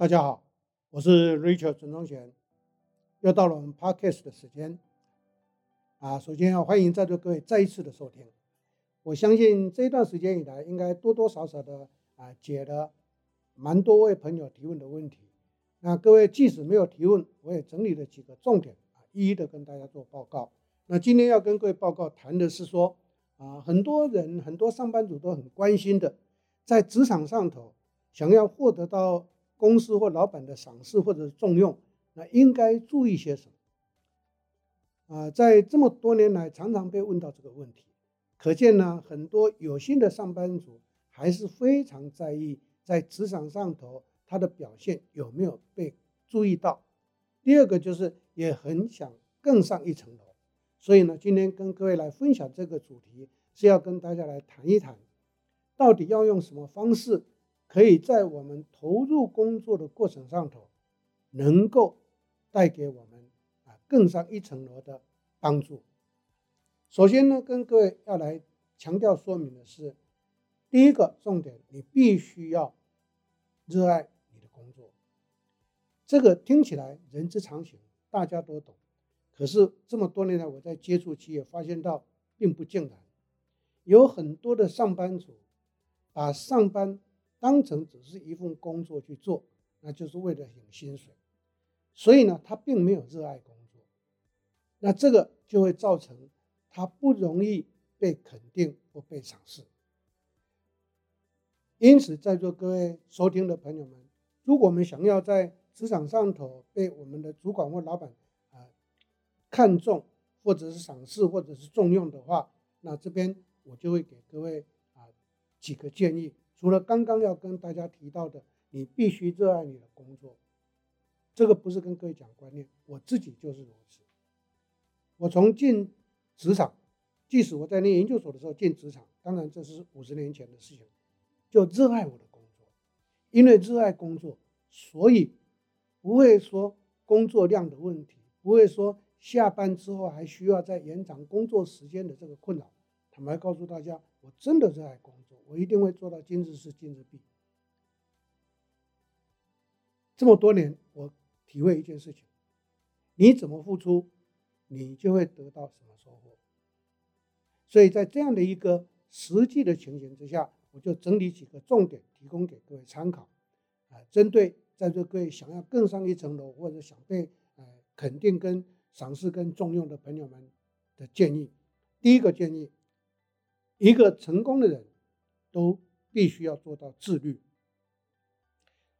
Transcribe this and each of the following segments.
大家好，我是 Rachel 陳宗賢，又到了我們 Podcast 的時間啊。首先要，啊，歡迎在座各位再一次的收聽。我相信這一段時間以來，應該多多少少的啊解了蠻多位朋友提問的問題。那各位即使沒有提問，我也整理了幾個重點啊，一一的跟大家做報告。那今天要跟各位報告談的是說啊，很多人很多上班族都很關心的，在職場上頭想要獲得到。公司或老闆的賞識或者重用，那應該注意些什麼？啊、呃，在這麼多年來，常常被問到這個問題，可見呢，很多有心的上班族還是非常在意在職場上頭他的表現有沒有被注意到。第二個就是，也很想更上一層樓，所以呢，今天跟各位來分享這個主題，是要跟大家來談一談，到底要用什麼方式。可以在我們投入工作的過程上頭，能夠帶給我們啊更上一層樓的幫助。首先呢，跟各位要來強調說明的是，第一個重點，你必須要熱愛你的工作。這個聽起來人之常情，大家都懂。可是這麼多年來，我在接觸企業發現到，並不盡然，有很多的上班族把上班當成只是一份工作去做，那就是為了有薪水，所以呢，他並沒有熱愛工作，那這個就會造成他不容易被肯定或被賞識。因此，在座各位收聽的朋友們，如果我們想要在職場上頭被我們的主管或老闆啊、呃、看重或者是賞識，或者是重用的話，那這邊我就會給各位啊、呃、幾個建議。除了剛剛要跟大家提到的，你必須熱愛你的工作，這個不是跟各位講觀念，我自己就是如此。我從進職場，即使我在念研究所的時候進職場，當然這是五十年前的事情，就熱愛我的工作，因為熱愛工作，所以不會說工作量的問題，不會說下班之後還需要再延長工作時間的這個困擾。坦白告訴大家，我真的熱愛工作。我一定會做到今日事今日畢。這麼多年，我體會一件事情：你怎麼付出，你就會得到什麼收穫。所以在這樣的一個實際的情形之下，我就整理幾個重點，提供給各位參考。啊，針對在座各位想要更上一層樓，或者想被肯定、跟賞識、跟重用的朋友們的建議。第一個建議，一個成功的人。都必須要做到自律。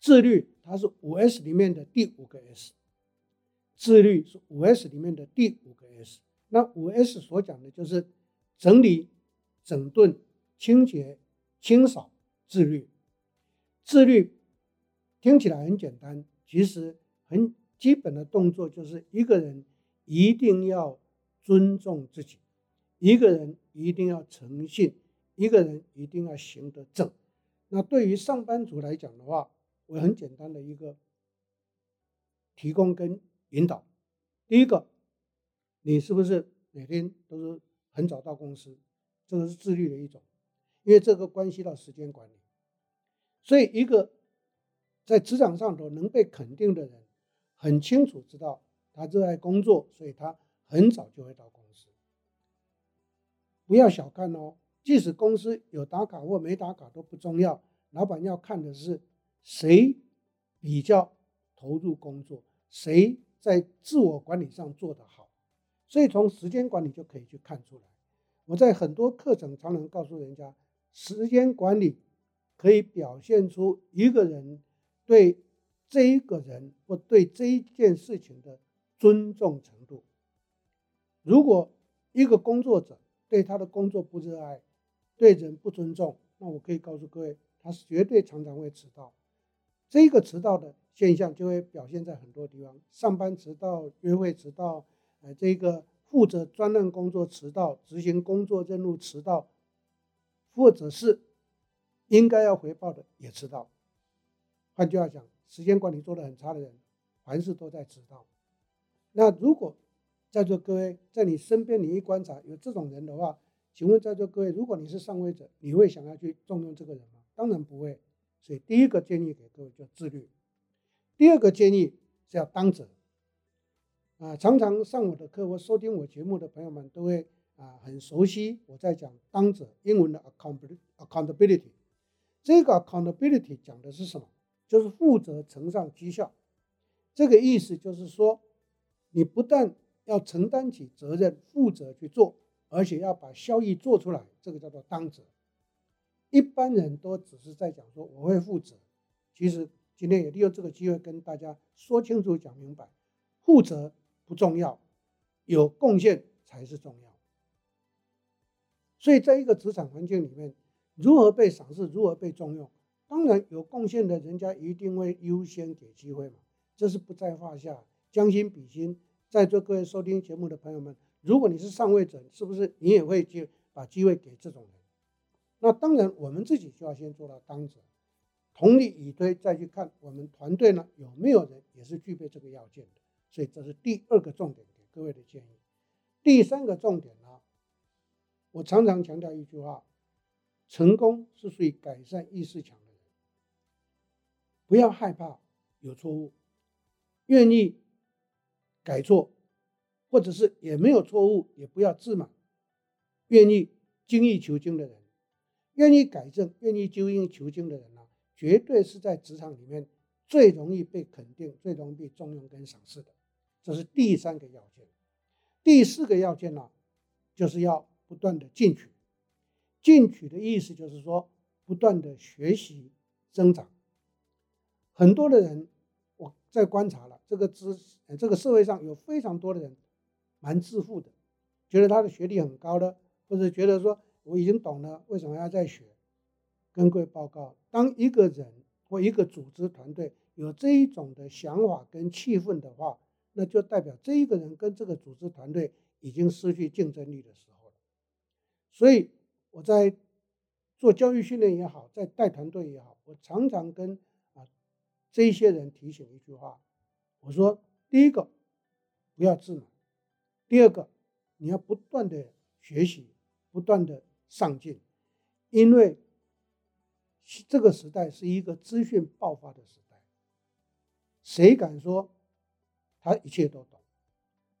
自律它是五 S 裡面的第五個 S，自律是五 S 裡面的第五個 S。那五 S 所講的就是整理、整頓、清潔、清掃、自律。自律聽起來很簡單，其實很基本的動作就是一個人一定要尊重自己，一個人一定要誠信。一個人一定要行得正。那對於上班族來講的話，我很簡單的一個提供跟引導。第一個，你是不是每天都是很早到公司？這個是自律的一種，因為這個關係到時間管理。所以，一個在職場上頭能被肯定的人，很清楚知道他熱愛工作，所以他很早就會到公司。不要小看哦。即使公司有打卡或沒打卡都不重要，老闆要看的是誰比較投入工作，誰在自我管理上做得好。所以從時間管理就可以去看出來。我在很多課程常常告訴人家，時間管理可以表現出一個人對這個人或對這一件事情的尊重程度。如果一個工作者對他的工作不熱愛，對人不尊重，那我可以告訴各位，他是絕對常常會遲到。這個遲到的現象就會表現在很多地方：上班遲到、約會遲到，呃，這個負責專任工作遲到、執行工作任務遲到，或者是應該要回報的也遲到。換句話講，時間管理做得很差的人，凡事都在遲到。那如果在座各位在你身邊，你一觀察有這種人的話。請問在座各位，如果你是上位者，你會想要去重用這個人嗎？當然不會。所以第一個建議給各位叫自律，第二個建議是要當責。啊，常常上我的課或收聽我節目的朋友們都會啊，很熟悉我在講當責，英文的 accountability。這個 accountability 講的是什麼？就是負責乘上績效。這個意思就是說，你不但要承擔起責任，負責去做。而且要把效益做出來，這個叫做當責。一般人都只是在講說我會負責，其實今天也利用這個機會跟大家說清楚、講明白，負責不重要，有貢獻才是重要。所以在一個職場環境裡面，如何被賞識、如何被重用，當然有貢獻的人家一定會優先給機會嘛，這是不在話下。將心比心，在座各位收聽節目的朋友們。如果你是上位者，是不是你也會去把機會給這種人？那當然，我們自己就要先做到當責。同理以推，再去看我們團隊呢有沒有人也是具備這個要件的。所以這是第二個重點給各位的建議。第三個重點呢，我常常強調一句話：成功是屬於改善意識強的人。不要害怕有錯誤，願意改錯。或者是也沒有錯誤，也不要自滿。願意精益求精的人，願意改正、願意精益求精的人呢、啊，絕對是在職場裡面最容易被肯定、最容易被重用跟賞識的。這是第三個要件。第四個要件呢、啊，就是要不斷的進取。進取的意思就是說不斷的學習增長。很多的人，我在觀察了這個知識這個社會上有非常多的人。蠻自負的，覺得他的學歷很高了，或者覺得說我已經懂了，為什麼要再學？跟各位報告，當一個人或一個組織團隊有這一種的想法跟氣氛的話，那就代表這一個人跟這個組織團隊已經失去競爭力的時候了。所以我在做教育訓練也好，在帶團隊也好，我常常跟啊這些人提醒一句話，我說：第一個不要自滿。第二個，你要不斷的學習，不斷的上進，因為這個時代是一個資訊爆發的時代。誰敢說他一切都懂？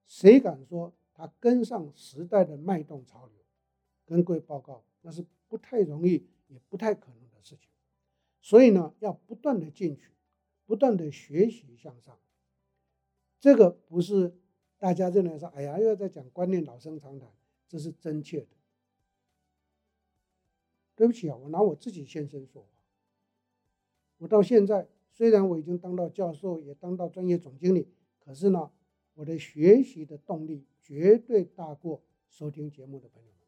誰敢說他跟上時代的脈動潮流？跟各位報告，那是不太容易，也不太可能的事情。所以呢，要不斷的進取，不斷的學習向上，這個不是。大家認為說：“哎呀，又要在講觀念，老生常談。”這是真切的。對不起啊，我拿我自己現身說法。我到現在，雖然我已經當到教授，也當到專業總經理，可是呢，我的學習的動力絕對大過收聽節目的朋友們，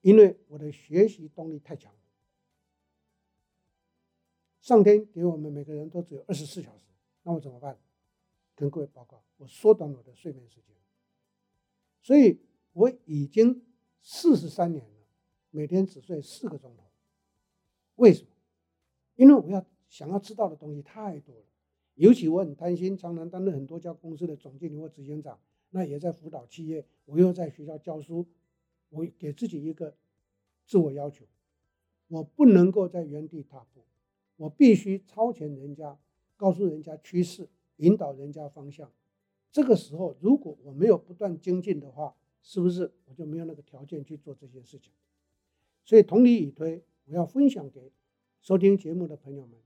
因為我的學習動力太強了。上天給我們每個人都只有二十四小時，那我怎麼辦？跟各位報告，我縮短我的睡眠時間，所以我已經四十三年了，每天只睡四個鐘頭。為什麼？因為我要想要知道的東西太多了，尤其我很貪心，常常擔任很多家公司的總經理或執行長，那也在輔導企業，我又在學校教書，我給自己一個自我要求，我不能夠在原地踏步，我必須超前人家，告訴人家趨勢。引導人家方向，這個時候如果我沒有不斷精進的話，是不是我就沒有那個條件去做這些事情？所以同理以推，我要分享給收聽節目的朋友們：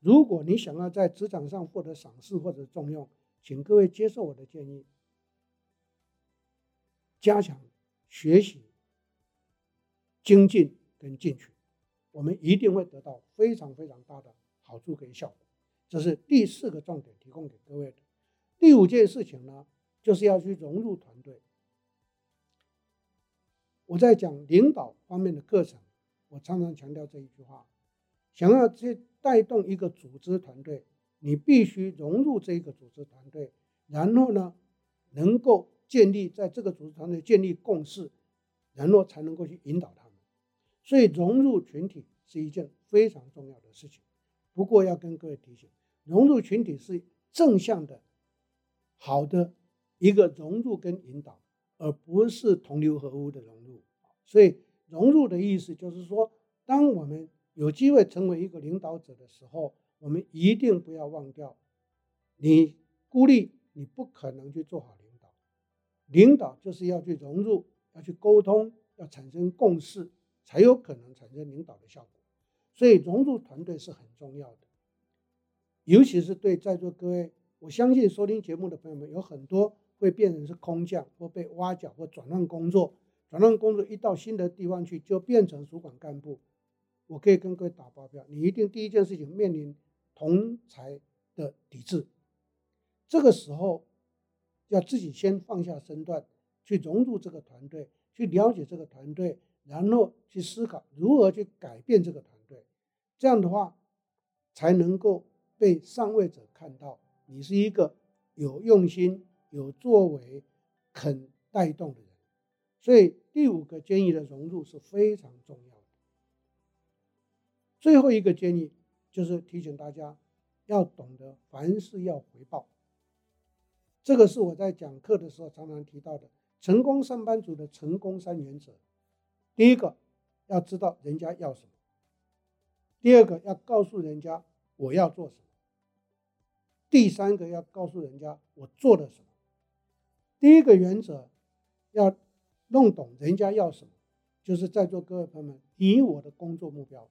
如果你想要在職場上獲得賞識或者重用，請各位接受我的建議，加強學習、精進跟進取，我們一定會得到非常非常大的好處跟效果。這是第四個重點，提供給各位的，第五件事情呢，就是要去融入團隊。我在講領導方面的課程，我常常強調這一句話：想要去帶動一個組織團隊，你必須融入這個組織團隊，然後呢，能夠建立在這個組織團隊建立共識，然後才能夠去引導他們。所以，融入群體是一件非常重要的事情。不過要跟各位提醒，融入群體是正向的、好的一個融入跟引導，而不是同流合污的融入。所以，融入的意思就是說，當我們有機會成為一個領導者的時候，我們一定不要忘掉，你孤立你不可能去做好領導。領導就是要去融入，要去溝通，要產生共識，才有可能產生領導的效果。所以融入團隊是很重要的，尤其是對在座各位。我相信收聽節目的朋友們有很多會變成是空降，或被挖角，或轉讓工作。轉讓工作一到新的地方去，就變成主管幹部。我可以跟各位打包票，你一定第一件事情面臨同儕的抵制。這個時候，要自己先放下身段，去融入這個團隊，去了解這個團隊，然後去思考如何去改變這個團隊。這樣的話，才能夠被上位者看到，你是一個有用心、有作為、肯帶動的人。所以第五個建議的融入是非常重要的。最後一個建議就是提醒大家，要懂得凡事要回報。這個是我在講課的時候常常提到的，成功上班族的成功三原則。第一個，要知道人家要什麼。第二個要告訴人家我要做什麼，第三個要告訴人家我做了什麼。第一個原則要弄懂人家要什麼，就是在座各位朋友們，你我的工作目標，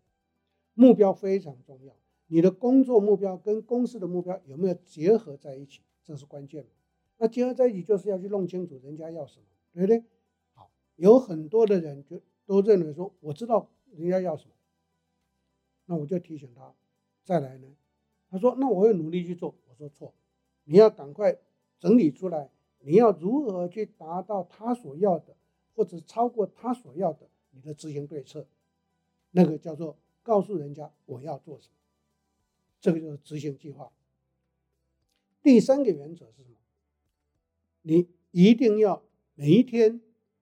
目標非常重要。你的工作目標跟公司的目標有沒有結合在一起，這是關鍵。那結合在一起就是要去弄清楚人家要什麼，對不對？好，有很多的人就都認為說我知道人家要什麼。那我就提醒他，再來呢，他說：“那我會努力去做。”我說：“錯，你要趕快整理出來，你要如何去達到他所要的，或者超過他所要的你的執行對策，那個叫做告訴人家我要做什麼，這個就是執行計劃。第三個原則是什麼？你一定要每一天，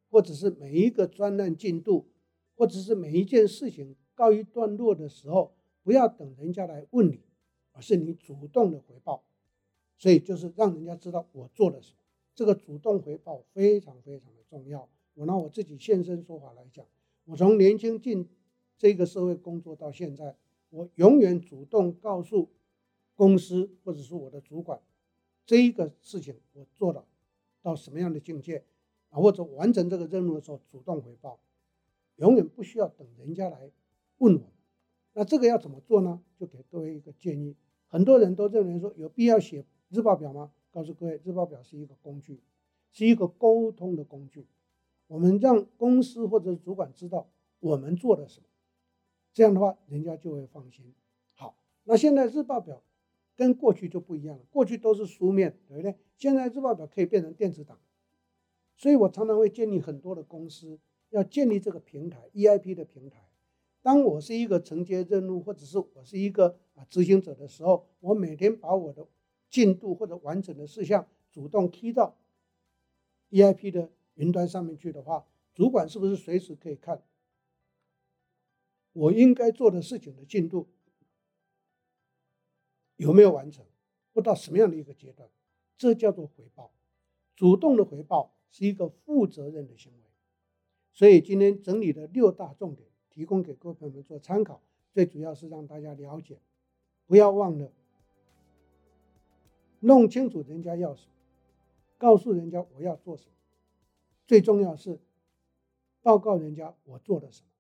或者是每一個專案進度，或者是每一件事情。”告一段落的時候，不要等人家來問你，而是你主動的回報。所以就是讓人家知道我做了什麼。這個主動回報非常非常的重要。我拿我自己現身說法來講，我從年輕進這個社會工作到現在，我永遠主動告訴公司或者是我的主管，這一個事情我做了到，到什麼樣的境界啊，或者完成這個任務的時候主動回報，永遠不需要等人家來。問我。那這個要怎麼做呢？就給各位一個建議。很多人都認為說，有必要寫日報表嗎？告訴各位，日報表是一個工具，是一個溝通的工具。我們讓公司或者主管知道我們做了什麼，這樣的話人家就會放心。好，那現在日報表跟過去就不一樣了。過去都是書面，對不對？現在日報表可以變成電子檔，所以我常常會建議很多的公司要建立這個平台，EIP 的平台。當我是一個承接任務，或者是我是一個啊執行者的時候，我每天把我的進度或者完成的事項主動踢到 EIP 的雲端上面去的話，主管是不是隨時可以看我應該做的事情的進度有沒有完成，不到什麼樣的一個階段？這叫做回報，主動的回報是一個負責任的行為。所以今天整理的六大重點，提供給各位朋友們做參考，最主要是讓大家了解，不要忘了弄清楚人家要什麼，告訴人家我要做什麼，最重要是報告人家我做了什麼。